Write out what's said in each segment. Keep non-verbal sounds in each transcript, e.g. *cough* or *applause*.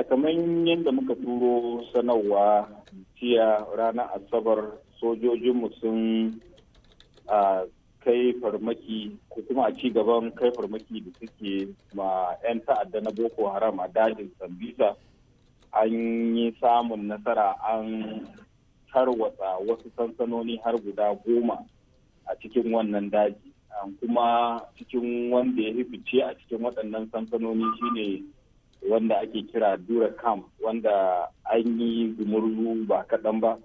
a kamar yadda muka turo sanarwa jiya ranar asabar sojojinmu sun kai farmaki ko kuma a ci gaban kai farmaki da suke ma 'yan ta'adda na boko haram a dajin sambisa an yi samun nasara an tarwatsa wasu sansanoni har guda goma a cikin wannan daji kuma cikin wanda ya fice a cikin waɗannan sansanoni shine wanda ake kira dura camp wanda an yi gumurzu ba kaɗan ba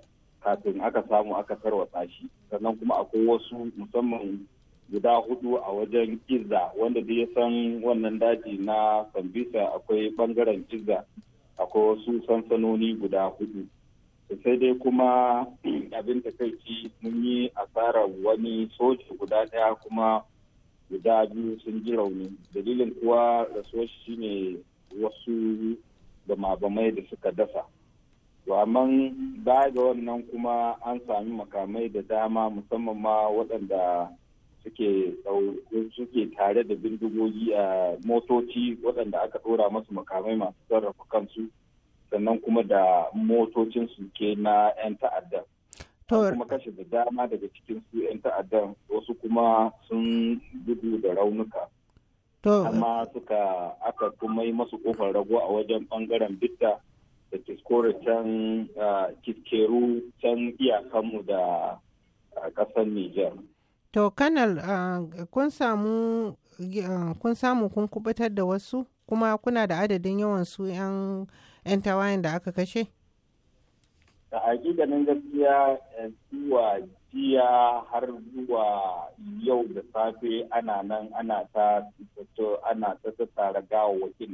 kafin aka samu aka sarwasa shi sannan kuma akwai wasu musamman guda hudu a wajen izza wanda da ya san wannan daji na sambisa akwai bangaren izza akwai wasu sansanoni guda hudu sai dai kuma *clears throat* abin da kai mun yi asarar wani soja guda daya kuma guda biyu sun ji rauni dalilin kuwa rasuwar shi ne wasu bama-bamai da suka dasa to amma baya ga wannan kuma an sami makamai da dama musamman ma waɗanda suke suke tare da bindigogi a motoci waɗanda aka ɗora masu makamai masu sarrafa kansu sannan kuma da motocin su na 'yan ta'addan kuma kashe da dama daga cikin su 'yan ta'addan wasu kuma sun gudu da raunuka amma suka aka kuma yi masu kofar rago a wajen bangaren bitta da kiskore can kiskeru can iyakanmu da kasar niger to kanal kun samu kun kubutar da wasu kuma kuna da adadin yawan su 'yan tawayen da aka kashe? a nan gaskiya zuwa eh, jiya har zuwa yau da safe ana nan ana ta ana ta tattara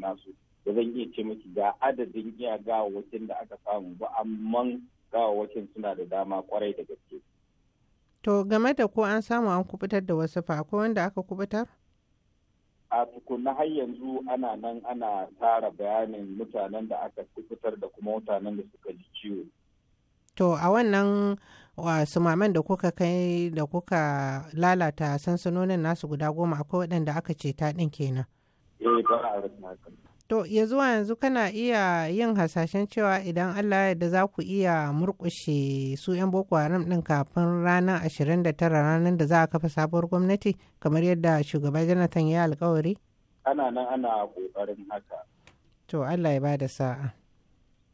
nasu da zan iya ce miki ga adadin iya gawawwakin da aka samu ba amma gawawwakin suna da dama kwarai da gaske. To game da ko an samu an kubutar da wasu fa ko wanda aka kubutar? A tukuna har yanzu ana nan ana tara bayanin mutanen da aka kubutar da kuma mutanen da suka ji ciwo. to a wannan sumaman da kuka kai da kuka lalata sansanonin nasu guda goma akwai waɗanda aka ce ta ɗin kenan eh, to ya zuwa yanzu kana iya yin hasashen cewa idan allah da za ku iya murƙushe su 'yan boko haram ɗin kafin ranar ashirin da tara ranar da za a kafa sabuwar gwamnati kamar yadda shugaba jonathan ya alkawari ana nan ana ƙoƙarin haka to allah ya ba da sa'a